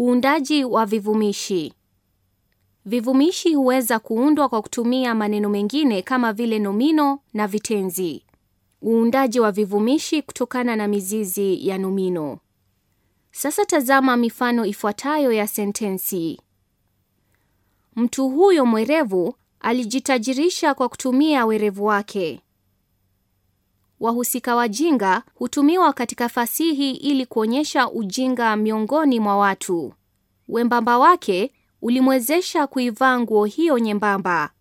Uundaji wa vivumishi. Vivumishi huweza kuundwa kwa kutumia maneno mengine kama vile nomino na vitenzi. Uundaji wa vivumishi kutokana na mizizi ya nomino. Sasa tazama mifano ifuatayo ya sentensi: mtu huyo mwerevu alijitajirisha kwa kutumia werevu wake. Wahusika wajinga hutumiwa katika fasihi ili kuonyesha ujinga miongoni mwa watu. Wembamba wake ulimwezesha kuivaa nguo hiyo nyembamba.